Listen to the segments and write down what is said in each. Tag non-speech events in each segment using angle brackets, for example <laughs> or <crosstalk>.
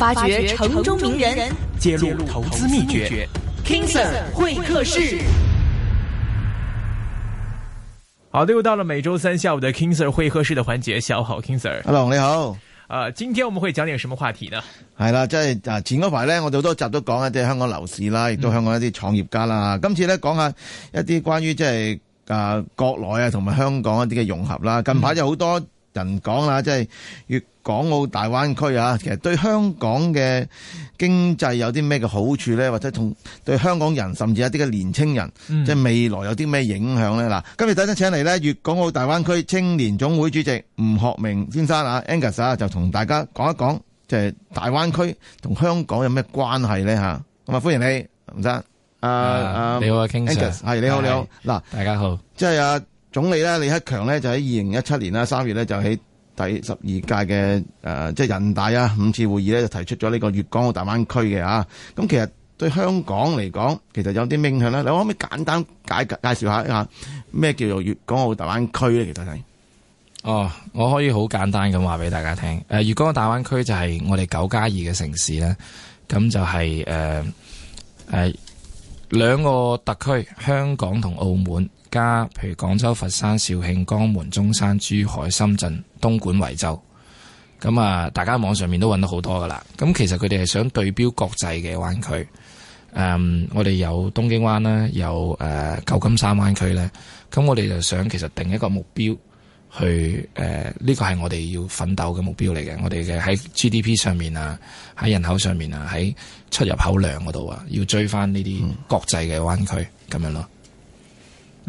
發掘城中名人，揭露投資秘訣。King Sir 會客室，好的，又到了每周三下午的 King Sir 會客室的環節。下午好，King Sir。Hello 你好，啊、呃，今天我們會講點什麼話題呢？係啦，即係啊，前嗰排呢，我哋好多集都講一啲香港樓市啦，亦都香港一啲創業家啦。嗯、今次咧，講下一啲關於即係啊，國內啊，同埋香港一啲嘅融合啦。近排就好多人講啦，即係粵。港澳大灣區啊，其實對香港嘅經濟有啲咩嘅好處咧，或者同對香港人甚至一啲嘅年青人，嗯、即係未來有啲咩影響咧？嗱，今日首先請嚟咧，粵港澳大灣區青年總會主席吳學明先生啊，Angus 啊，Angus，就同大家講一講，即、就、係、是、大灣區同香港有咩關係咧？吓，咁啊，歡迎你，吳生。啊啊，你好啊，King Sir，Angus，係你好，你好。嗱是，啊、大家好。即係啊，總理咧，李克強咧，就喺二零一七年啦，三月咧，就喺。第十二屆嘅誒、呃，即係人大啊，五次會議咧就提出咗呢個粵港澳大灣區嘅啊。咁、嗯、其實對香港嚟講，其實有啲咩影響咧？你可唔可以簡單解介紹下啊？咩叫做粵港澳大灣區咧？其實係哦，我可以好簡單咁話俾大家聽。誒、呃，粵港澳大灣區就係我哋九加二嘅城市咧。咁就係誒誒兩個特區，香港同澳門。加，譬如廣州、佛山、肇慶、江門、中山、珠海、深圳、東莞、惠州，咁啊，大家網上面都揾到好多噶啦。咁其實佢哋係想對標國際嘅灣區，誒、嗯，我哋有東京灣啦，有誒、呃、舊金山灣區咧，咁我哋就想其實定一個目標去，誒、呃，呢個係我哋要奮鬥嘅目標嚟嘅，我哋嘅喺 GDP 上面啊，喺人口上面啊，喺出入口量嗰度啊，要追翻呢啲國際嘅灣區咁樣咯。嗯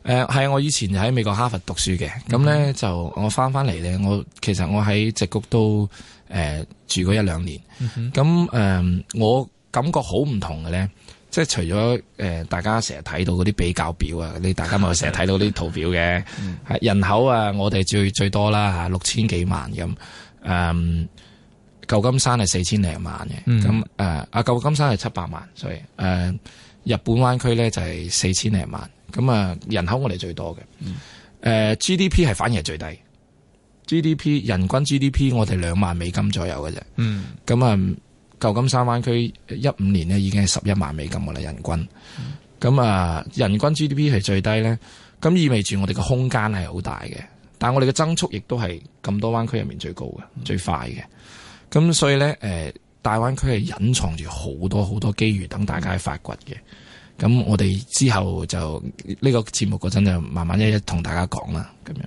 誒，係啊、呃！我以前喺美國哈佛讀書嘅，咁咧、嗯、哼就我翻翻嚟咧，我其實我喺矽谷都誒、呃、住過一兩年。咁誒、嗯哼呃，我感覺好唔同嘅咧，即係除咗誒、呃，大家成日睇到嗰啲比較表啊，你大家咪成日睇到啲圖表嘅。嗯、哼人口啊，我哋最最多啦，六千幾萬咁。誒、嗯，舊金山係四千零萬嘅，咁誒、嗯哼，阿舊、呃、金山係七百萬，所以誒、呃，日本灣區咧就係四千零萬。嗯嗯咁啊，人口我哋最多嘅，誒、嗯呃、GDP 係反而係最低，GDP 人均 GDP 我哋兩萬美金左右嘅啫，咁啊、嗯，舊金山灣區一五年咧已經係十一萬美金噶啦，人均，咁啊、嗯呃，人均 GDP 係最低咧，咁意味住我哋嘅空間係好大嘅，但係我哋嘅增速亦都係咁多灣區入面最高嘅，嗯、最快嘅，咁所以咧，誒、呃、大灣區係隱藏住好多好多機遇，等大家去發掘嘅。咁我哋之後就呢、這個節目嗰陣就慢慢一一同大家講啦，咁樣。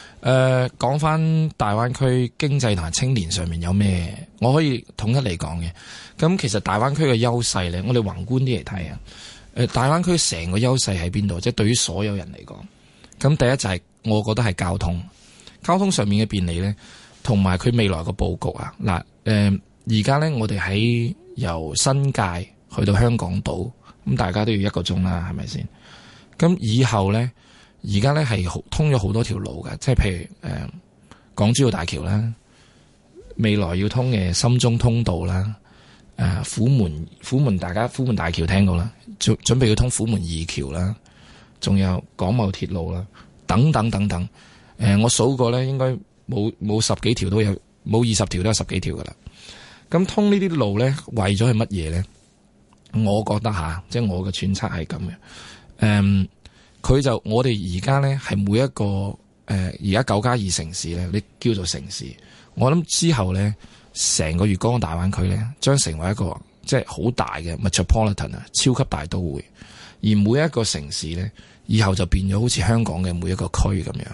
誒，講翻、呃、大灣區經濟同埋青年上面有咩？我可以統一嚟講嘅。咁其實大灣區嘅優勢咧，我哋宏觀啲嚟睇啊。誒、呃，大灣區成個優勢喺邊度？即、就、係、是、對於所有人嚟講，咁第一就係我覺得係交通，交通上面嘅便利咧，同埋佢未來個佈局啊。嗱、呃，誒，而家咧我哋喺由新界去到香港島，咁大家都要一個鐘啦，係咪先？咁以後咧？而家咧，係通咗好多條路嘅，即係譬如誒、呃，港珠澳大橋啦，未來要通嘅深中通道啦，誒、呃，虎門虎門大家虎門大橋聽過啦，準準備要通虎門二橋啦，仲有廣茂鐵路啦，等等等等，誒、呃，我數過咧，應該冇冇十幾條都有，冇二十條都有十幾條噶啦。咁通呢啲路咧，為咗係乜嘢咧？我覺得吓、啊，即係我嘅揣測係咁嘅，誒、呃。佢就我哋而家咧，係每一個誒而家九加二城市咧，你叫做城市。我諗之後咧，成個粵港大灣區咧，將成為一個即係好大嘅 metropolitan 啊，超級大都會，而每一個城市咧，以後就變咗好似香港嘅每一個區咁樣，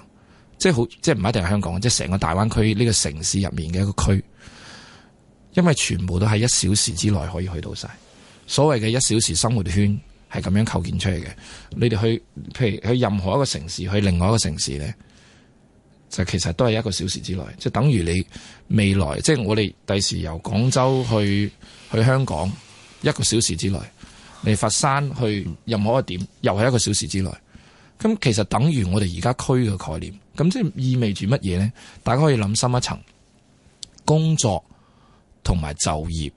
即係好即係唔一定係香港，即係成個大灣區呢個城市入面嘅一個區，因為全部都係一小時之內可以去到晒所謂嘅一小時生活圈。係咁樣構建出嚟嘅。你哋去，譬如去任何一個城市，去另外一個城市呢，就其實都係一個小時之內，就等於你未來，即係我哋第時由廣州去去香港，一個小時之內，你佛山去任何一個點，又係一個小時之內。咁其實等於我哋而家區嘅概念，咁即係意味住乜嘢呢？大家可以諗深一層，工作同埋就業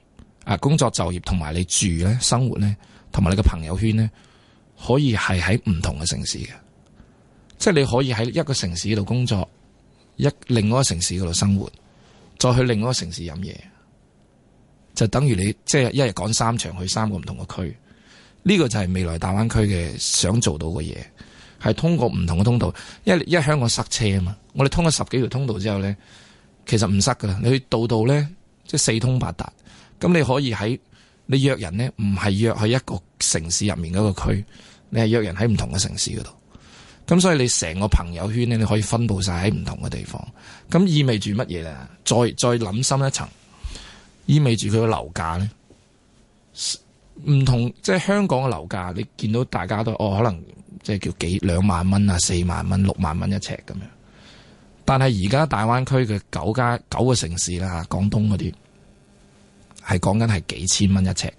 啊，工作就業同埋你住呢，生活呢。同埋你嘅朋友圈呢，可以係喺唔同嘅城市嘅，即係你可以喺一個城市嗰度工作，一另外一個城市嗰度生活，再去另外一個城市飲嘢，就等於你即係一日趕三場去三個唔同嘅區，呢個就係未來大灣區嘅想做到嘅嘢，係通過唔同嘅通道，因為因為香港塞車啊嘛，我哋通過十幾條通道之後咧，其實唔塞噶啦，你去到度咧即係四通八達，咁你可以喺。你約人呢，唔係約喺一個城市入面嗰個區，你係約人喺唔同嘅城市嗰度。咁所以你成個朋友圈呢，你可以分布晒喺唔同嘅地方。咁意味住乜嘢呢？再再諗深一層，意味住佢嘅樓價呢，唔同即係香港嘅樓價，你見到大家都哦，可能即係叫幾兩萬蚊啊、四萬蚊、六萬蚊一尺咁樣。但係而家大灣區嘅九家九個城市啦，吓廣東嗰啲。係講緊係幾千蚊一尺嘅，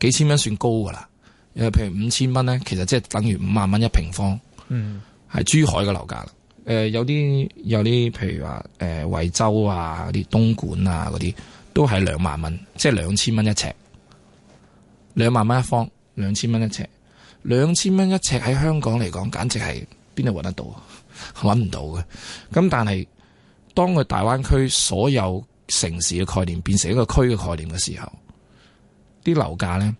幾千蚊算高噶啦。因為，譬如五千蚊咧，其實即係等於五萬蚊一平方。嗯，係珠海嘅樓價啦。誒、呃，有啲有啲，譬如話誒惠州啊，啲東莞啊，嗰啲都係兩萬蚊，即係兩千蚊一尺，兩萬蚊一方，兩千蚊一尺，兩千蚊一尺喺香港嚟講，簡直係邊度搵得到啊？搵 <laughs> 唔到嘅。咁但係當佢大灣區所有。城市嘅概念變成一個區嘅概念嘅時候，啲樓價咧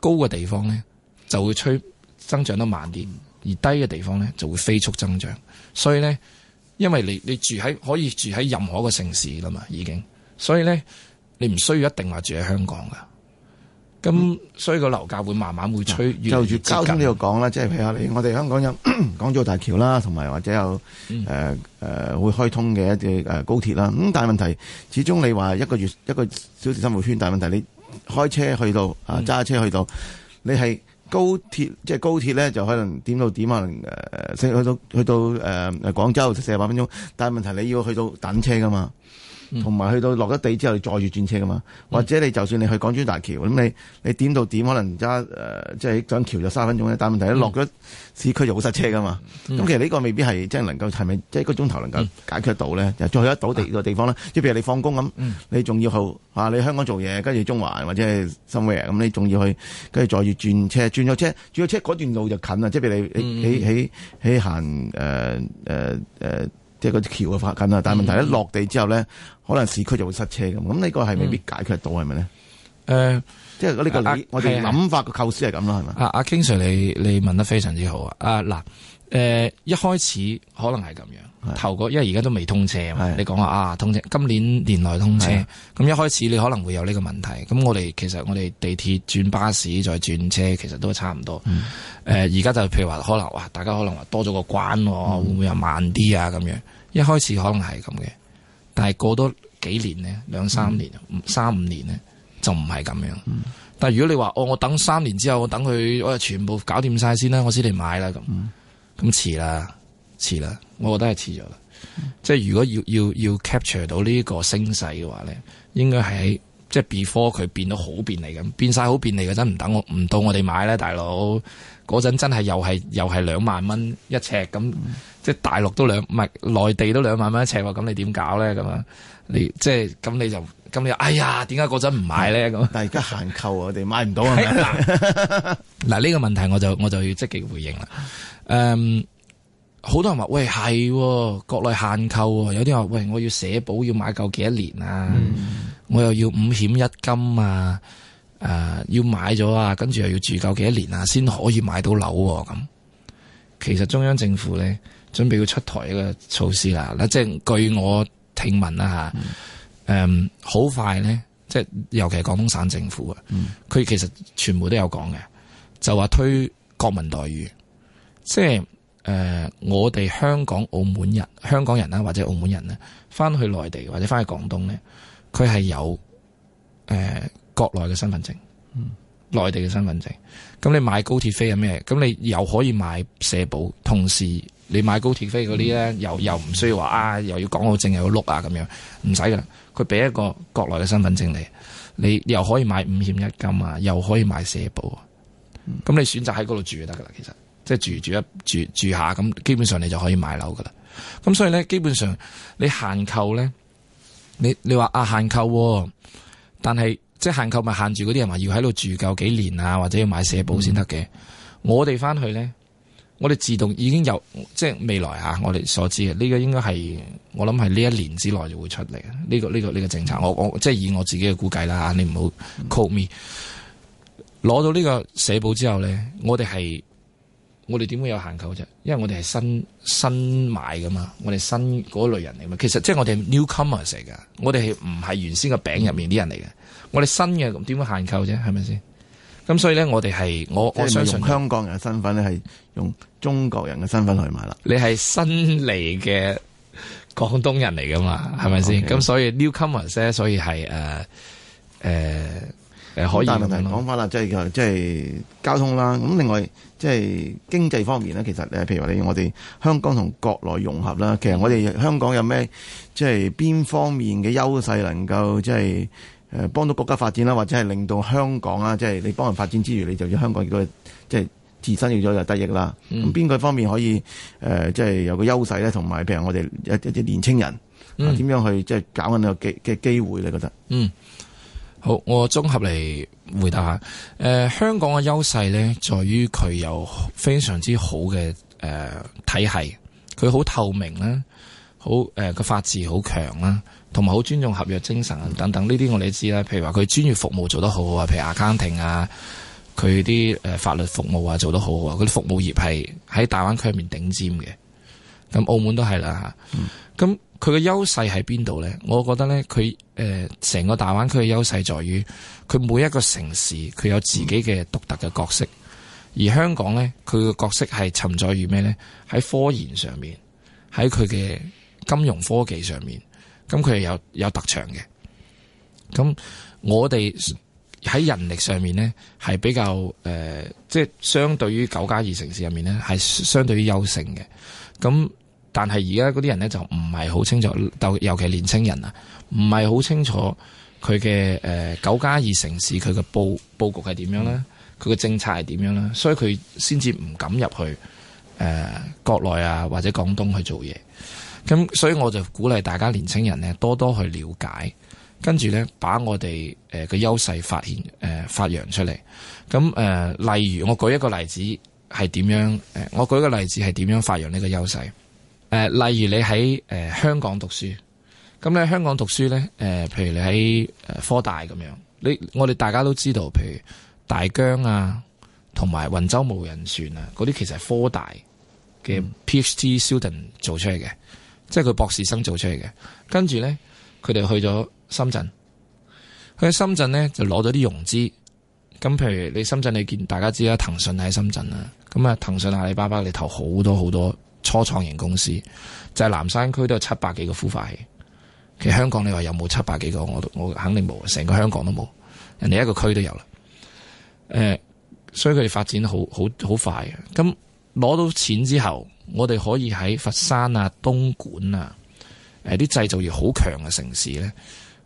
高嘅地方咧就會趨增長得慢啲，而低嘅地方咧就會飛速增長。所以咧，因為你你住喺可以住喺任何一個城市啦嘛，已經，所以咧你唔需要一定話住喺香港噶。咁、嗯、所以個樓價會慢慢會趨、嗯，就住交通呢度講啦，嗯、即係譬如我哋香港有港珠澳大橋啦，同埋或者有誒誒、呃、會開通嘅一啲誒高鐵啦。咁、嗯嗯、但係問題，始終你話一個月一個小時生活圈，但係問題你開車去到啊，揸車去到，嗯、你係高鐵即係、就是、高鐵咧，就可能點到點可能、呃、去到去到誒、呃、廣州四十八分鐘，但係問題你要去到等車噶嘛。同埋去到落咗地之後，再住轉車噶嘛？或者你就算你去港珠澳大橋，咁你你點到點可能而家誒，即係上橋就三分鐘咧。但問題一落咗市區就好塞車噶嘛。咁其實呢個未必係真係能夠係咪即係一個鐘頭能夠解決到咧？就再去得到地個地方啦。即係譬如你放工咁，你仲要去啊？你香港做嘢，跟住中環或者 somewhere 咁，你仲要去跟住再住轉車，轉咗車轉咗車嗰段路就近啦。即係譬如你起喺喺行誒誒誒。即係個橋係發緊啦，但係問題一落地之後咧，嗯、可能市區就會塞車咁，咁呢個係未必解決到係咪咧？誒、嗯，是是呃、即係嗰呢個我哋諗法個構思係咁啦，係咪啊？阿、啊啊啊、King Sir，你你問得非常之好啊！啊嗱，誒、啊、一開始可能係咁樣。頭個，因為而家都未通車嘛。的你講下啊，通車今年年內通車，咁的一開始你可能會有呢個問題。咁我哋其實我哋地鐵轉巴士再轉車，其實都係差唔多。誒、嗯，而家、呃、就譬如話，可能話大家可能話多咗個關，嗯、會唔會又慢啲啊？咁樣一開始可能係咁嘅，嗯、但係過多幾年呢，兩三年、嗯、三五年呢，就唔係咁樣。嗯、但係如果你話哦，我等三年之後，我等佢，我全部搞掂晒先啦，我先嚟買啦，咁咁遲啦。遲啦，我覺得係遲咗啦。即係如果要要要 capture 到呢個聲勢嘅話咧，應該喺即係 before 佢變到好便利咁，變晒好便利嗰陣唔等我唔到我哋買咧，大佬嗰陣真係又係又係兩萬蚊一尺咁，即係大陸都兩唔係內地都兩萬蚊一尺喎，咁你點搞咧咁啊？你即係咁你就咁你哎呀，點解嗰陣唔買咧咁？但係而家限購，我哋買唔到啊！嗱，嗱呢個問題我就我就要積極回應啦，誒。好多人話喂係國內限購，有啲人話喂我要社保要買夠幾多年啊？嗯、我又要五險一金啊？誒、呃，要買咗啊，跟住又要住夠幾多年啊，先可以買到樓咁、啊。其實中央政府咧準備要出台一個措施啦，嗱，即係據我聽聞啦吓，誒、嗯、好、嗯、快咧，即係尤其係廣東省政府啊，佢、嗯、其實全部都有講嘅，就話推國民待遇，即係。誒、呃，我哋香港澳門人、香港人啦、啊，或者澳門人咧、啊，翻去內地或者翻去廣東咧，佢係有誒、呃、國內嘅身份證，嗯，內地嘅身份證。咁你買高鐵飛係咩？咁你又可以買社保，同時你買高鐵飛嗰啲咧，又又唔需要話啊，又要港澳證又要碌啊，咁樣唔使噶啦，佢俾一個國內嘅身份證你，你又可以買五險一金啊，又可以買社保，咁、嗯、你選擇喺嗰度住就得噶啦，其實。即係住住一住住下咁，基本上你就可以買樓噶啦。咁所以咧，基本上你限購咧，你你話啊限購，哦，但係即係限購咪限住嗰啲人話要喺度住夠幾年啊，或者要買社保先得嘅。我哋翻去咧，我哋自動已經有即係未來啊，我哋所知嘅呢個應該係我諗係呢一年之內就會出嚟。呢個呢個呢個政策，我我即係以我自己嘅估計啦，你唔好 call me、嗯。攞到呢個社保之後咧，我哋係。我哋點會有限購啫？因為我哋係新新買噶嘛，我哋新嗰類人嚟嘛。其實即係我哋 newcomers 嚟噶，我哋係唔係原先個餅入面啲人嚟嘅？我哋新嘅點會限購啫？係咪先？咁所以咧，我哋係我我相信香港人嘅身份咧，係用中國人嘅身份去買啦。你係新嚟嘅廣東人嚟噶嘛？係咪先？咁所以 newcomers 啫，所以係誒誒。呃呃但係問題講翻啦，即係即係交通啦。咁另外即係經濟方面咧，其實誒，譬如話你我哋香港同國內融合啦。其實我哋香港有咩即係邊方面嘅優勢，能夠即係誒幫到國家發展啦，或者係令到香港啊，即係你幫人發展之餘，你就要香港亦都即係自身要咗有得益啦。咁邊、嗯、個方面可以誒、呃、即係有個優勢咧？同埋譬如我哋一一啲年青人點、啊、樣去即係搞緊個機嘅機會你覺得嗯。好，我綜合嚟，回答下。誒、呃，香港嘅優勢咧，在於佢有非常之好嘅、誒、呃、體系，佢好透明啦、啊，好誒個法治好強啦，同埋好尊重合約精神、啊、等等。呢啲我哋知啦，譬如話佢專業服務做得好好啊，譬如 accounting 啊，佢啲誒法律服務啊做得好好啊，嗰啲服務業係喺大灣區入面頂尖嘅。咁澳門都係啦吓，咁、啊。佢嘅優勢喺邊度呢？我覺得呢，佢誒，成、呃、個大灣區嘅優勢在於，佢每一個城市佢有自己嘅獨特嘅角色。而香港呢，佢嘅角色係沉在於咩呢？喺科研上面，喺佢嘅金融科技上面，咁佢係有有特長嘅。咁我哋喺人力上面呢，係比較誒，即、呃、係、就是、相對於九加二城市入面呢，係相對於優勝嘅。咁但係而家嗰啲人咧就唔係好清楚，尤其係年青人啊，唔係好清楚佢嘅誒九加二城市佢嘅佈佈局係點樣咧，佢嘅、嗯、政策係點樣咧，所以佢先至唔敢入去誒、呃、國內啊或者廣東去做嘢。咁所以我就鼓勵大家年青人咧多多去了解，跟住咧把我哋誒嘅優勢發現誒發揚出嚟。咁誒、呃，例如我舉一個例子係點樣？誒，我舉個例子係點樣發揚呢個優勢？誒、呃，例如你喺誒、呃、香港讀書，咁你喺香港讀書咧，誒，譬如你喺誒、呃、科大咁樣，你我哋大家都知道，譬如大疆啊，同埋雲州無人船啊，嗰啲其實係科大嘅 PhD student 做出嚟嘅，嗯、即係佢博士生做出嚟嘅。跟住咧，佢哋去咗深圳，去深圳咧就攞咗啲融資。咁譬如你深圳，你見大家知啦，騰訊喺深圳啦，咁啊，騰訊、阿里巴巴你投好多好多。初創型公司就係、是、南山區都有七百幾個孵化器，其實香港你話有冇七百幾個？我都我肯定冇，成個香港都冇，人哋一個區都有啦。誒、呃，所以佢哋發展好好好快嘅。咁攞到錢之後，我哋可以喺佛山啊、東莞啊、誒啲製造業好強嘅城市咧，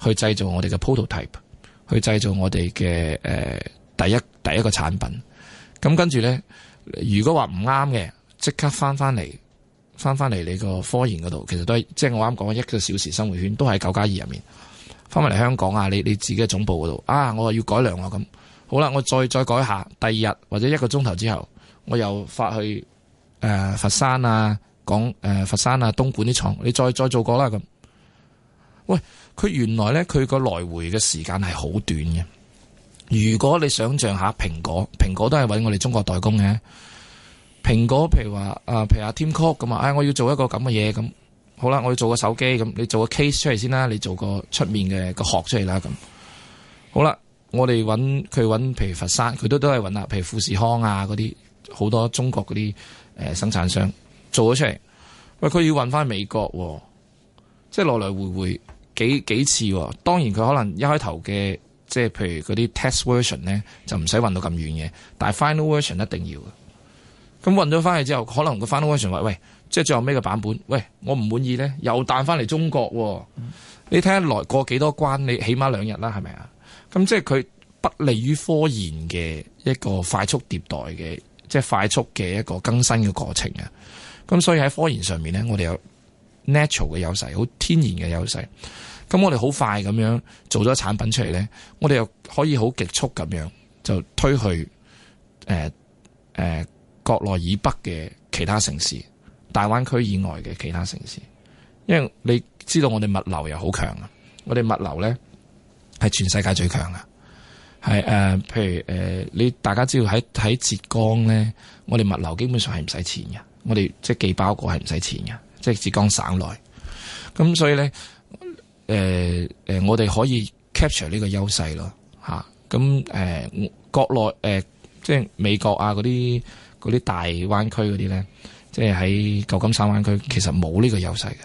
去製造我哋嘅 prototype，去製造我哋嘅誒第一第一個產品。咁跟住咧，如果話唔啱嘅，即刻翻翻嚟。翻翻嚟你個科研嗰度，其實都係即係我啱講一個小時生活圈，都係九加二入面。翻返嚟香港啊，你你自己嘅總部嗰度啊，我話要改良啊咁。好啦，我再再改下，第二日或者一個鐘頭之後，我又發去誒、呃、佛山啊，講誒、呃、佛山啊，東莞啲廠，你再再做過啦咁。喂，佢原來呢，佢個來回嘅時間係好短嘅。如果你想象下蘋果，蘋果都係搵我哋中國代工嘅。蘋果譬如話啊，譬如阿 Tim Cook 咁啊，哎，我要做一個咁嘅嘢咁，好啦，我要做個手機咁、啊，你做個 case 出嚟先啦，你做個，面個出面嘅個殼出嚟啦咁，好啦，我哋揾佢揾，譬如佛山，佢都都係揾啊，譬如富士康啊，嗰啲好多中國嗰啲誒生產商做咗出嚟。喂、啊，佢要運翻美國、啊，即係來來回回幾幾次、啊。當然佢可能一開頭嘅，即係譬如嗰啲 test version 咧，就唔使運到咁遠嘅，但係 final version 一定要。咁運咗翻去之後，可能佢翻到 Ocean，喂喂，即係最後尾嘅版本，喂，我唔滿意咧，又彈翻嚟中國喎。嗯、你睇下嚟過幾多關？你起碼兩日啦，係咪啊？咁即係佢不利於科研嘅一個快速迭代嘅，即係快速嘅一個更新嘅過程啊。咁所以喺科研上面咧，我哋有 natural 嘅優勢，好天然嘅優勢。咁我哋好快咁樣做咗產品出嚟咧，我哋又可以好極速咁樣就推去誒誒。呃呃國內以北嘅其他城市，大灣區以外嘅其他城市，因為你知道我哋物流又好強啊。我哋物流咧係全世界最強嘅，係誒、呃，譬如誒、呃，你大家知道喺喺浙江咧，我哋物流基本上係唔使錢嘅，我哋即係寄包裹係唔使錢嘅，即係浙江省內。咁所以咧，誒、呃、誒、呃，我哋可以 capture 呢個優勢咯吓。咁、啊、誒、呃，國內誒、呃，即係美國啊嗰啲。嗰啲大灣區嗰啲咧，即係喺舊金山灣區，其實冇呢個優勢嘅。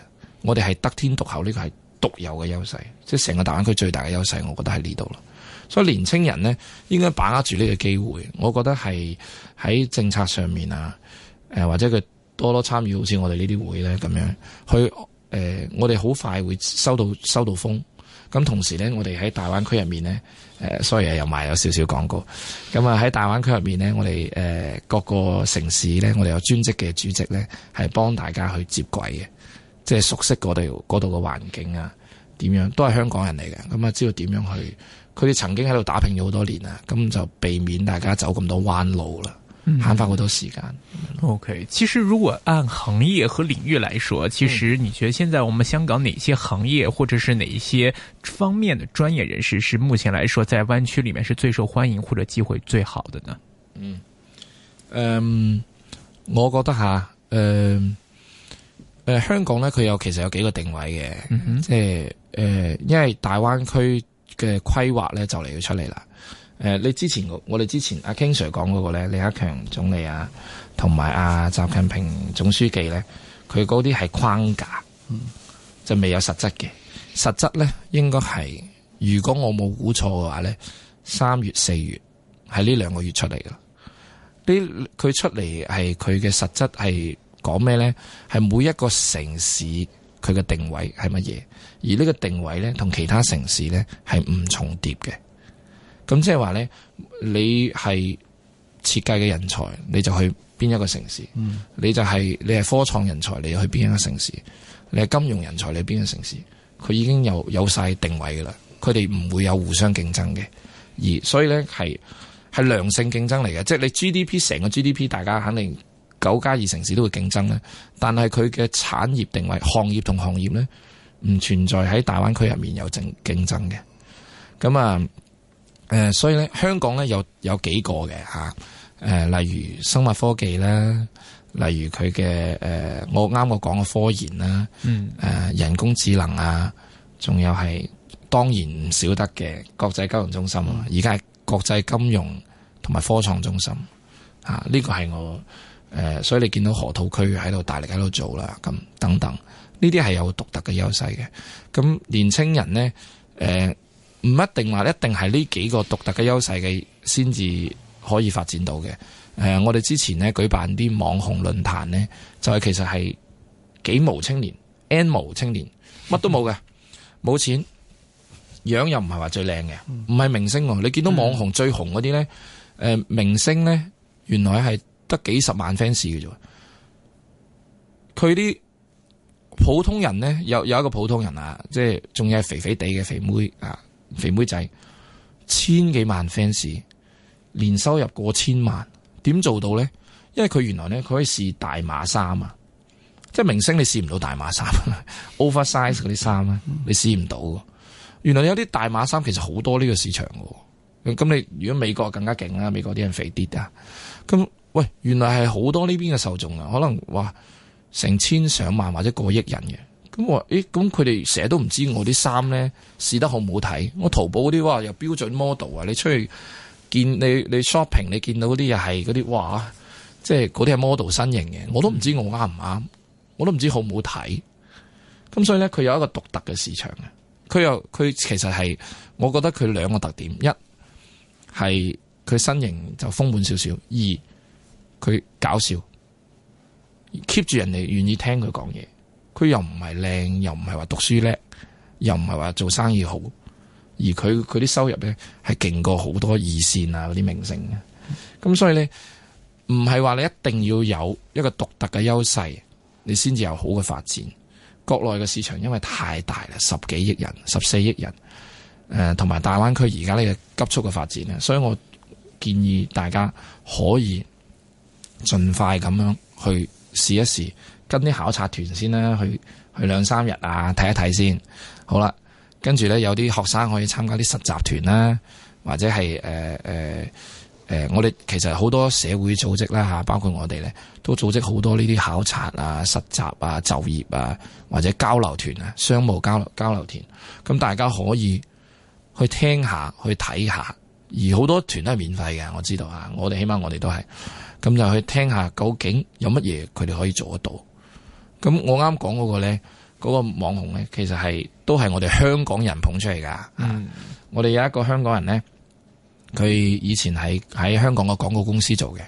我哋係得天獨厚呢、呢個係獨有嘅優勢，即係成個大灣區最大嘅優勢，我覺得喺呢度咯。所以年青人咧，應該把握住呢個機會。我覺得係喺政策上面啊，誒、呃、或者佢多多參與，好似我哋呢啲會咧咁樣去誒、呃。我哋好快會收到收到風。咁同時咧，我哋喺大灣區入面咧，誒、呃、sorry 又賣有少少廣告。咁啊喺大灣區入面咧，我哋誒、呃、各個城市咧，我哋有專職嘅主席咧，係幫大家去接軌嘅，即係熟悉我哋嗰度嘅環境啊，點樣都係香港人嚟嘅，咁啊知道點樣去。佢哋曾經喺度打拼咗好多年啊，咁就避免大家走咁多彎路啦。嗯，慳翻好多時間。OK，其實如果按行業和領域來說，其實你覺得現在我們香港哪些行業，或者是哪一些方面的專業人士，是目前來說在灣區裏面是最受歡迎或者機會最好的呢？嗯，嗯、呃，我覺得吓，誒、呃，誒、呃，香港呢，佢有其實有幾個定位嘅，嗯、哼即係誒、呃，因為大灣區嘅規劃呢，就嚟咗出嚟啦。誒，你之前我哋之前阿 King Sir 講嗰個咧，李克強總理啊，同埋阿習近平總書記咧，佢嗰啲係框架，就未有實質嘅。實質咧，應該係如果我冇估錯嘅話咧，三月四月係呢兩個月出嚟噶。呢佢出嚟係佢嘅實質係講咩咧？係每一個城市佢嘅定位係乜嘢？而呢個定位咧，同其他城市咧係唔重疊嘅。咁即係話呢，你係設計嘅人才，你就去邊一、嗯就是，一個城市？你就係你係科創人才，你去邊一個城市？你係金融人才，你邊個城市？佢已經有有晒定位噶啦，佢哋唔會有互相競爭嘅，而所以呢係係良性競爭嚟嘅。即，就，係，是，你 G D P 成個 G D P，大家肯定九加二城市都會競爭呢。但係佢嘅產業定位、行業同行業呢，唔存在喺大灣區入面有競競爭嘅。咁啊。誒、呃，所以咧，香港咧有有幾個嘅，吓，誒、啊，例如生物科技啦、啊，例如佢嘅誒，我啱我講嘅科研啦，誒、嗯呃，人工智能啊，仲有係當然唔少得嘅，國際金融中心，、嗯、融中心啊，而家係國際金融同埋科創中心啊，呢個係我誒，所以你見到河套區喺度大力喺度做啦，咁等等，呢啲係有獨特嘅優勢嘅，咁年青人咧，誒、呃。嗯唔一定話一定係呢幾個獨特嘅優勢嘅先至可以發展到嘅。誒、呃，我哋之前咧舉辦啲網紅論壇咧，就係、是，其實係幾無青年、N 無青年，乜都冇嘅，冇錢，樣又唔係話最靚嘅，唔係明星。你見到網紅最紅嗰啲咧，誒、呃，明星咧，原來係得幾十萬 fans 嘅啫。佢啲普通人咧，有有一個普通人啊，即係仲要係肥肥地嘅肥妹啊。肥妹仔千幾萬 fans，年收入過千萬，點做到咧？因為佢原來咧，佢可以試大碼衫啊，即係明星你試唔到大碼衫，oversize 嗰啲衫啊，你試唔到。原來有啲大碼衫其實好多呢個市場嘅啊。咁你如果美國更加勁啦啊，美國啲人肥啲啊，咁喂，原來係好多呢邊嘅受眾啊，可能哇，成千上萬或者過億人嘅。咁我誒，咁佢哋成日都唔知我啲衫咧試得好唔好睇？我淘寶啲哇又標準 model 啊！你出去見你你 shopping，你見到啲嘢係嗰啲哇，即係嗰啲係 model 身型嘅，我都唔知我啱唔啱，我都唔知好唔好睇。咁所以咧，佢有一個獨特嘅市場嘅，佢又佢其實係，我覺得佢兩個特點，一係佢身形就豐滿少少，二佢搞笑，keep 住人哋願意聽佢講嘢。佢又唔係靚，又唔係話讀書叻，又唔係話做生意好，而佢佢啲收入呢係勁過好多二線啊嗰啲明星嘅，咁、啊、所以呢，唔係話你一定要有一個獨特嘅優勢，你先至有好嘅發展。國內嘅市場因為太大啦，十幾億人，十四億人，誒、呃，同埋大灣區而家呢個急速嘅發展咧，所以我建議大家可以盡快咁樣去試一試。跟啲考察團先啦，去去兩三日啊，睇一睇先。好啦，跟住咧有啲學生可以參加啲實習團啦、啊，或者係誒誒誒，我、呃、哋、呃呃呃、其實好多社會組織啦、啊、吓，包括我哋咧，都組織好多呢啲考察啊、實習啊、就業啊或者交流團啊、商務交流交流團。咁大家可以去聽下，去睇下。而好多團都係免費嘅，我知道啊。我哋起碼我哋都係咁就去聽下，究竟有乜嘢佢哋可以做得到？咁我啱講嗰個咧，嗰、嗰個網紅咧，其實係都係我哋香港人捧出嚟噶，嗯啊。我哋有一個香港人咧，佢以前係喺香港嘅廣告公司做嘅，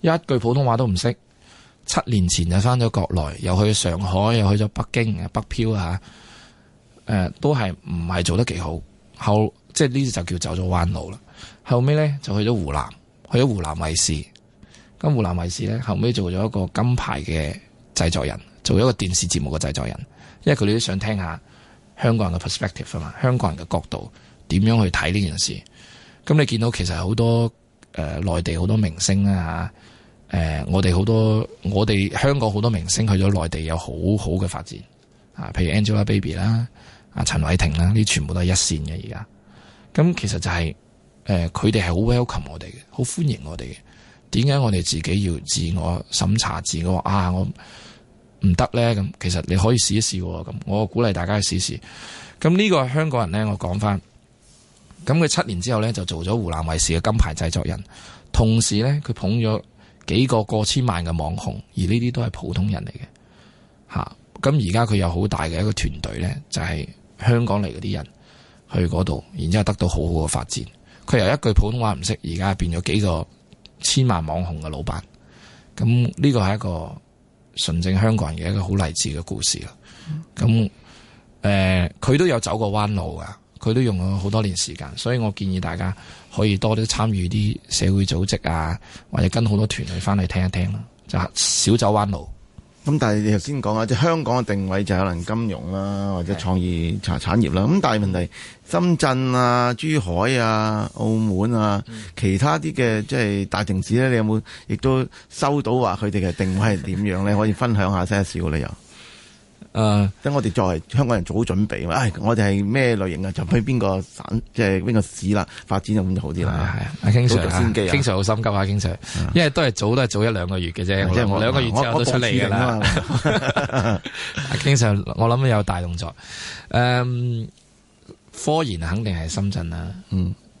一句普通話都唔識。七年前就返咗國內，又去上海，又去咗北京北漂啊，誒、啊，都係唔係做得幾好。後即係呢啲就叫走咗彎路啦。後尾咧就去咗湖南，去咗湖南衛視。咁湖南衛視咧後尾做咗一個金牌嘅製作人。做一個電視節目嘅製作人，因為佢哋都想聽下香港人嘅 perspective 啊嘛，香港人嘅角度點樣去睇呢件事。咁、嗯、你見到其實好多誒內、呃、地好多明星啊，誒、呃、我哋好多我哋香港好多明星去咗內地有好好嘅發展啊，譬如 Angelababy 啦、啊，阿陳偉霆啦，呢、啊、全部都係一線嘅而家。咁、嗯、其實就係誒佢哋係好 welcome 我哋嘅，好、呃、歡迎我哋嘅。點解我哋自己要自我審查自我啊？我唔得呢，咁，其實你可以試一試喎，咁我鼓勵大家去試試。咁呢個香港人呢，我講返，咁佢七年之後呢，就做咗湖南衛視嘅金牌製作人，同時呢，佢捧咗幾個過千萬嘅網紅，而呢啲都係普通人嚟嘅，吓、啊。咁而家佢有好大嘅一個團隊呢，就係、是、香港嚟嗰啲人去嗰度，然之後得到好好嘅發展。佢由一句普通話唔識，而家變咗幾個千萬網紅嘅老闆。咁呢個係一個。純正香港人嘅一個好勵志嘅故事啦，咁誒、嗯，佢、呃、都有走過彎路㗎，佢都用咗好多年時間，所以我建議大家可以多啲參與啲社會組織啊，或者跟好多團隊翻嚟聽一聽啦，就少走彎路。咁但係你頭先講啊，即係香港嘅定位就可能金融啦，或者創意產產業啦。咁的但係問題，深圳啊、珠海啊、澳門啊，嗯、其他啲嘅即係大城市咧，你有冇亦都收到話佢哋嘅定位係點樣咧？可以分享下些少理由。誒，等我哋作為香港人做好準備啊！我哋係咩類型啊？就去邊個省，即係邊個市啦，發展就咁就好啲啦。係啊，King Sir 先 King Sir 好心急啊，King Sir，因為都係早，都係早一兩個月嘅啫。即係兩個月之後都出嚟噶啦。King Sir，我諗有大動作。嗯，科研肯定係深圳啦，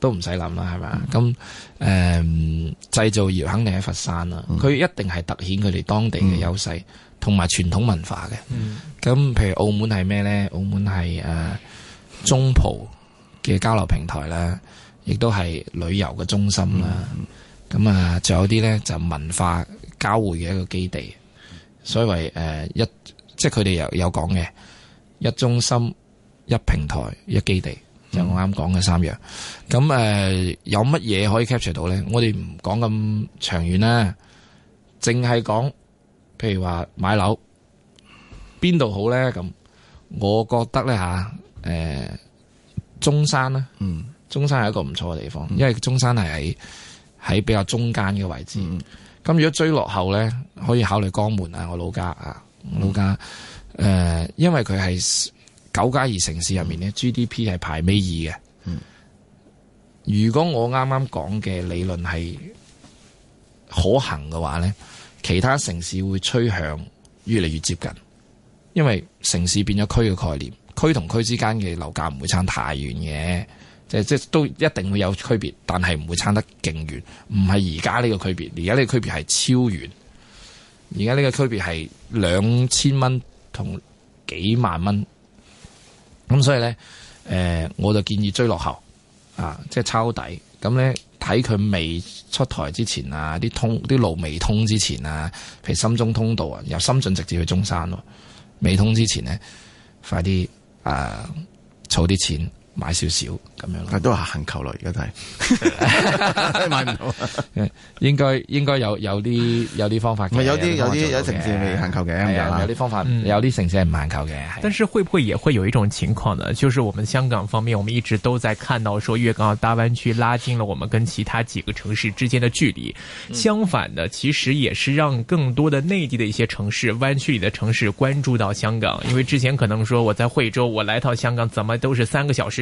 都唔使諗啦，係咪？咁，嗯，製造業肯定喺佛山啦，佢一定係突顯佢哋當地嘅優勢。同埋傳統文化嘅，咁、嗯、譬如澳門係咩呢？澳門係誒、呃、中葡嘅交流平台啦，亦都係旅遊嘅中心啦。咁啊、嗯，仲、嗯、有啲呢就是、文化交匯嘅一個基地，所謂誒一，即係佢哋有有講嘅一中心、一平台、一基地，就是、我啱講嘅三樣。咁誒、嗯呃、有乜嘢可以 capture 到呢？我哋唔講咁長遠啦，淨係講。譬如話買樓，邊度好咧？咁我覺得咧吓，誒、呃，中山啦，嗯、中山係一個唔錯嘅地方，嗯、因為中山係喺喺比較中間嘅位置。咁、嗯、如果追落後咧，可以考慮江門啊，我老家啊，老家誒、嗯呃，因為佢係九加二城市入面咧，GDP 係排尾二嘅。嗯、如果我啱啱講嘅理論係可行嘅話咧，其他城市會趨向越嚟越接近，因為城市變咗區嘅概念，區同區之間嘅樓價唔會差太遠嘅，即係即係都一定會有區別，但係唔會差得勁遠，唔係而家呢個區別，而家呢個區別係超遠，而家呢個區別係兩千蚊同幾萬蚊，咁所以呢，誒、呃，我就建議追落後，啊，即係抄底，咁咧。睇佢未出台之前啊，啲通啲路未通之前啊，譬如深中通道啊，由深圳直接去中山咯，未通之前咧，快啲啊，儲，呃，儲啲錢。買少少咁樣咯，啊，都係限購咯，而家都係買唔到， <laughs> 應該應該有有啲有啲方法 <laughs> 有啲有啲有，有城市未限購嘅，有啲方法，嗯、有啲城市係唔限購嘅。 <laughs> 但是會不會也會有一種情況呢？就是我們香港方面，我們一直都在看到說，粵港澳大灣區拉近了我們跟其他幾個城市之間的距離。嗯、相反的，其實也是讓更多的內地的一些城市，灣區裏的城市關注到香港。因為之前可能說，我在惠州，我來一趟香港，怎麼都是三個小時。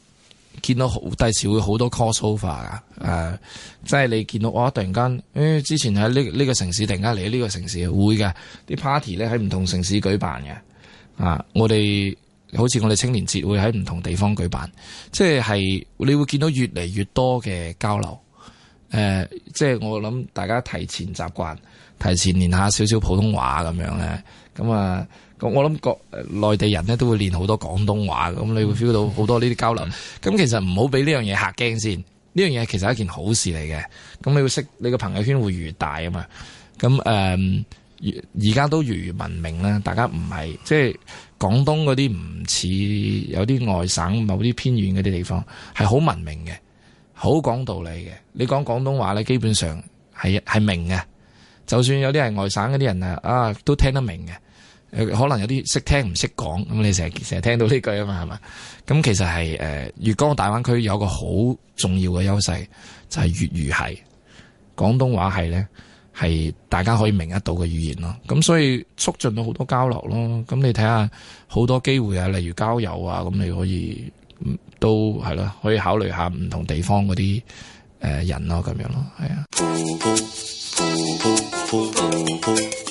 見到好第時會好多 crossover 啊！誒，即係你見到我突然間誒，之前喺呢呢個城市突然間嚟呢個城市會嘅啲 party 咧，喺唔同城市舉辦嘅啊！我哋好似我哋青年節會喺唔同地方舉辦，即係你會見到越嚟越多嘅交流。誒、啊，即係我諗大家提前習慣，提前練下少少普通話咁樣咧，咁啊～我我諗，國內地人咧都會練好多廣東話，咁你會 feel 到好多呢啲交流。咁其實唔好俾呢樣嘢嚇驚先，呢樣嘢其實係一件好事嚟嘅。咁你會識你個朋友圈會越大啊嘛。咁誒，而家都越文明啦。大家唔係即係廣東嗰啲唔似有啲外省某啲偏遠嗰啲地方係好文明嘅，好講道理嘅。你講廣東話咧，基本上係係明嘅。就算有啲係外省嗰啲人啊，啊都聽得明嘅。誒可能有啲識聽唔識講，咁你成日成日聽到呢句啊嘛，係嘛？咁其實係誒粵港澳大灣區有個好重要嘅優勢，就係、是、粵語係廣東話係咧，係大家可以明得到嘅語言咯。咁所以促進到好多交流咯。咁你睇下好多機會啊，例如交友啊，咁你可以、嗯、都係咯，可以考慮下唔同地方嗰啲誒人咯，咁樣咯，係啊。 <music>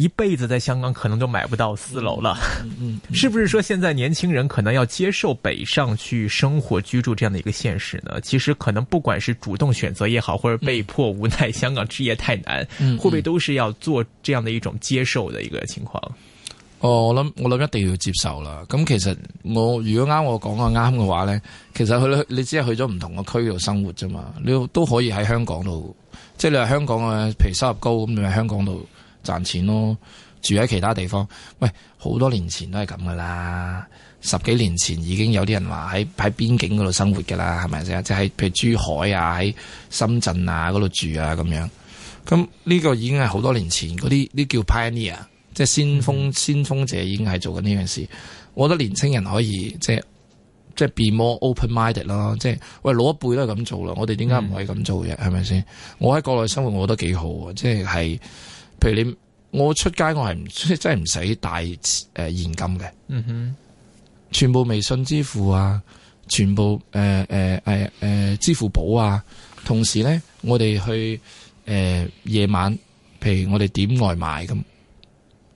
一輩子在香港可能都買不到四樓了， <laughs> 是不是？說現在年輕人可能要接受北上去生活居住這樣的一個現實呢？其實可能不管是主動選擇也好，或者被迫無奈，香港置業太難，嗯嗯會不會都是要做這樣的一種接受的一個情況？哦，我諗我諗一定要接受啦。咁其實我如果啱我講嘅啱嘅話呢，其實佢你只係去咗唔同嘅區度生活啫嘛，你都可以喺香港度，即係你話香港嘅譬如收入高咁，你喺香港度。賺錢咯，住喺其他地方。喂，好多年前都係咁噶啦，十幾年前已經有啲人話喺喺邊境嗰度生活噶啦，係咪先？即係譬如珠海啊，喺深圳啊嗰度住啊咁樣。咁呢個已經係好多年前嗰啲，啲叫 pioneer，即係先鋒、嗯、先鋒者已經係做緊呢樣事。我覺得年青人可以即係即係變 more open minded 咯，即係喂老一輩都係咁做啦，我哋點解唔可以咁做嘅？係咪先？我喺國內生活，我覺得幾好啊，即係係。譬如你我出街我係唔真係唔使帶誒現金嘅，嗯哼，全部微信支付啊，全部誒誒誒誒支付寶啊，同時咧我哋去誒、呃、夜晚，譬如我哋點外賣咁，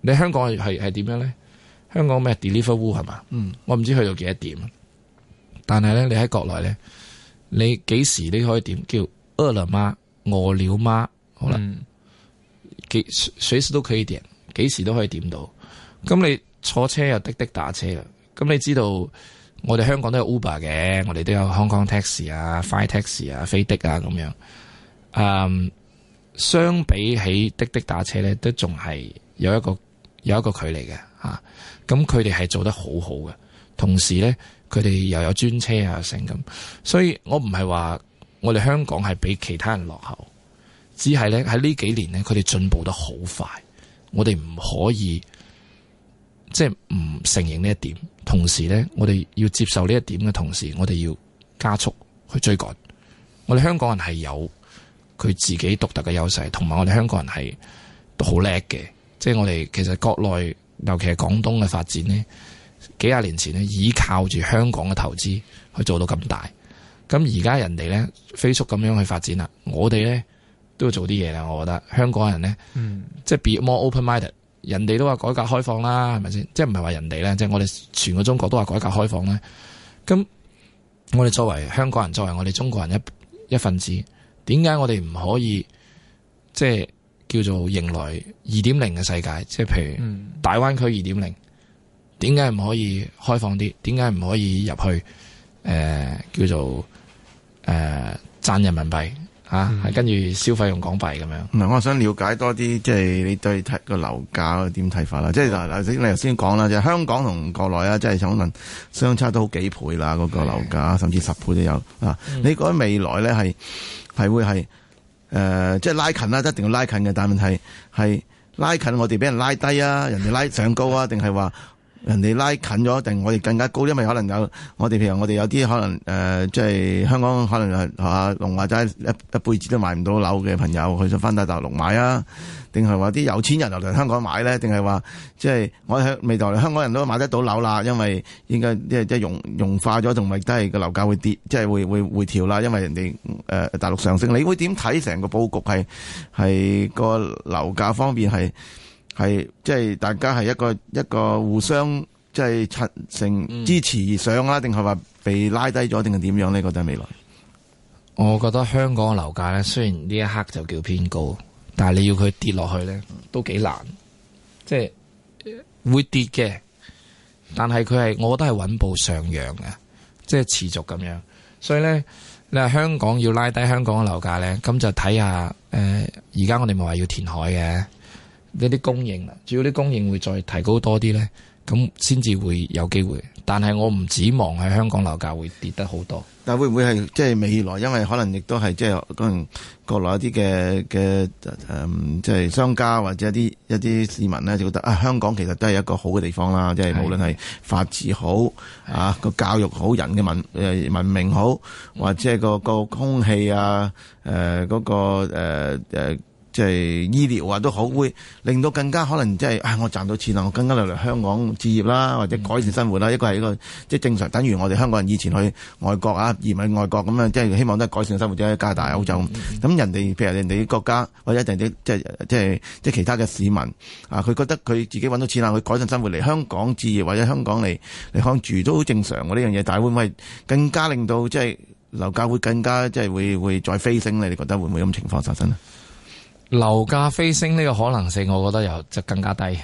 你香港係係點樣咧？香港咩 Deliveroo 係嘛？Able, 嗯，我唔知去到幾多點，但係咧你喺國內咧，你幾時你可以點叫餓了嗎？餓了嗎？好啦。嗯隨時都可以點，幾時都可以點到。咁你坐車又滴滴打車啊？咁你知道我哋香港都有 Uber 嘅，我哋都有 Hong Kong Taxi 啊、快 Taxi 啊、飛的啊咁樣。嗯，相比起滴滴打車咧，都仲係有一個有一個距離嘅吓。咁佢哋係做得好好嘅，同時咧佢哋又有專車啊成咁。所以我唔係話我哋香港係比其他人落後。只係咧喺呢幾年咧，佢哋進步得好快。我哋唔可以即係唔承認呢一點，同時咧，我哋要接受呢一點嘅同時，我哋要加速去追趕。我哋香港人係有佢自己獨特嘅優勢，同埋我哋香港人係都好叻嘅。即係我哋其實國內尤其係廣東嘅發展咧，幾廿年前咧倚靠住香港嘅投資去做到咁大，咁而家人哋咧飛速咁樣去發展啦，我哋咧。都要做啲嘢啦，我覺得香港人咧，嗯，即係 be more open minded。人哋都話改革開放啦，係咪先？即係唔係話人哋咧，即係我哋全個中國都話改革開放咧。咁我哋作為香港人，作為我哋中國人一一分子，點解我哋唔可以即係叫做迎來二點零嘅世界？即係譬如大灣區二點零，點解唔可以開放啲？點解唔可以入去？誒、呃，叫做誒、呃、賺人民幣？啊，係、嗯、跟住消費用港幣咁樣。嗱、嗯，我想了解多啲，即、就、係、是、你對睇個樓價點睇法啦。即係嗱，頭先你頭先講啦，就是、香港同國內啊，即、就、係、是、可能相差都好幾倍啦，嗰、那個樓價的甚至十倍都有、嗯、啊。你講未來咧係係會係誒，即、呃、係、就是、拉近啦，一定要拉近嘅。但係問題係拉近，我哋俾人拉低啊， <laughs> 人哋拉上高啊，定係話？人哋拉近咗，定我哋更加高？因為可能有我哋，譬如我哋有啲可能，誒，即係香港可能啊，龍華仔一，一輩子都買唔到樓嘅朋友，佢就翻大大陸買啊？定係話啲有錢人嚟香港買咧？定係話即係我喺未來香港人都買得到樓啦？因為應該即係即係溶溶化咗，同埋都係個樓價會跌，即係會會回調啦。因為人哋誒大陸上升，你會點睇成個佈局係係個樓價方面係？係即係大家係一個一個互相即係趁成支持上啦，定係話被拉低咗，定係點樣咧？覺得未來，我覺得香港嘅樓價咧，雖然呢一刻就叫偏高，但係你要佢跌落去咧，都幾難。即係會跌嘅，但係佢係，我覺得係穩步上揚嘅，即係持續咁樣。所以咧，你話香港要拉低香港嘅樓價咧，咁就睇下誒，而家我哋咪話要填海嘅。呢啲供應啦，主要啲供應會再提高多啲咧，咁先至會有機會。但係我唔指望係香港樓價會跌得好多但係。嗱，會唔會係即係未來？因為可能亦都係即係可能國內一啲嘅嘅誒，即、嗯、係、即係、商家或者一啲一啲市民咧，就覺得啊，香港其實都係一個好嘅地方啦。即、就、係、是、無論係法治好的啊，個教育好人嘅文誒文明好，的或者個個空氣啊，誒、呃、嗰、那個誒、呃即係醫療啊，都好會令到更加可能、就是，即係唉，我賺到錢啦，我更加嚟香港置業啦，或者改善生活啦。一個係一個即係、就是、正常，等於我哋香港人以前去外國啊，移民外國咁樣，即係希望都係改善生活，嗯嗯嗯或者加拿大歐洲。咁人哋譬如人哋啲國家或者人哋啲即係即係即係其他嘅市民啊，佢覺得佢自己搵到錢啦，佢改善生活嚟香港置業或者香港嚟嚟住都好正常嘅呢樣嘢。但會唔會更加令到即係樓價會更加即係、就是、會會再飛升咧？你覺得會唔會咁情況發生咧？樓價飛升呢個可能性，我覺得又就更加低，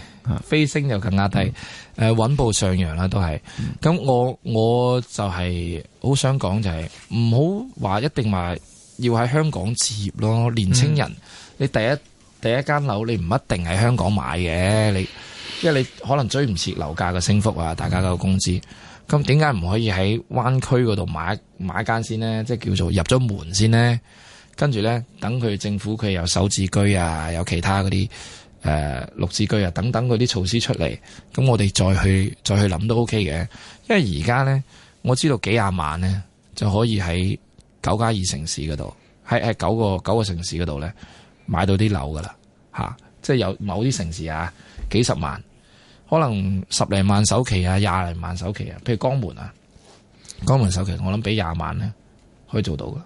飛升又更加低，誒、嗯呃、穩步上揚啦，都係。咁、嗯、我我就係好想講就係，唔好話一定話要喺香港置業咯。年青人，嗯、你第一第一間樓你唔一定喺香港買嘅，你因為你可能追唔切樓價嘅升幅啊，大家嘅工資。咁點解唔可以喺灣區嗰度買買一間先呢，即、就、係、是、叫做入咗門先呢。跟住呢，等佢政府佢有首置居啊，有其他嗰啲誒綠置居啊，等等嗰啲措施出嚟，咁我哋再去再去諗都 OK 嘅。因為而家呢，我知道幾廿萬呢就可以喺九加二城市嗰度，喺喺九個九個城市嗰度呢買到啲樓噶啦吓，即係有某啲城市啊，幾十萬，可能十零萬首期啊，廿零萬首期啊，譬如江門啊，江門首期我諗俾廿萬呢可以做到噶。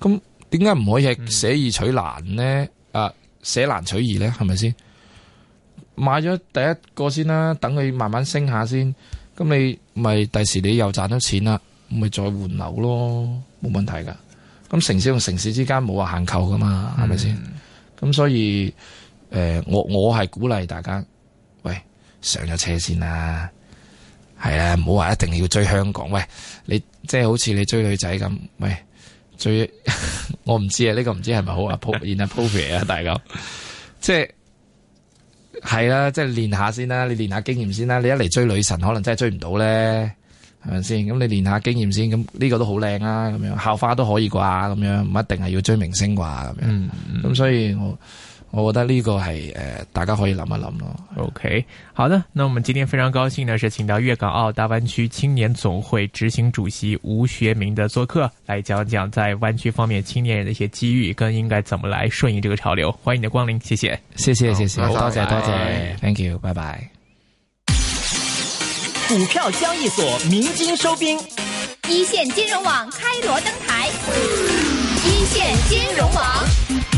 咁點解唔可以捨易取難呢？啊，捨難取易呢，係咪先？買咗第一個先啦，等佢慢慢升下先，咁你咪第時你又賺到錢啦，咪再換樓咯，冇問題噶。咁城市同城市之間冇話限購噶嘛，係咪先？咁所以誒、呃，我我係鼓勵大家喂上咗車先啦，係啦、啊，唔好話一定要追香港喂，你即係、就是、好似你追女仔咁喂追。 <laughs> 我唔知啊，呢個唔知係咪好啊，練下 appropriate 啊，大家，即係係啦，即係練下先啦，你練下經驗先啦、啊，你一嚟追女神可能真係追唔到咧，係咪先？咁你練下經驗先，咁呢個都好靚啊，咁樣校花都可以啩，咁樣唔一定係要追明星啩，咁樣，咁、嗯嗯、所以我。我覺得呢個係誒、呃，大家可以諗一諗咯。OK，好的，那我們今天非常高興的是，請到粵港澳大灣區青年總會執行主席吳學明的做客，來講講在灣區方面青年人的一些機遇，跟應該怎麼來順應這個潮流。歡迎你的光臨，謝謝，謝謝，謝謝，多謝，多謝、哎、Thank you，拜拜。股票交易所鳴金收兵，一線金融網開鑼登台，嗯、一線金融網。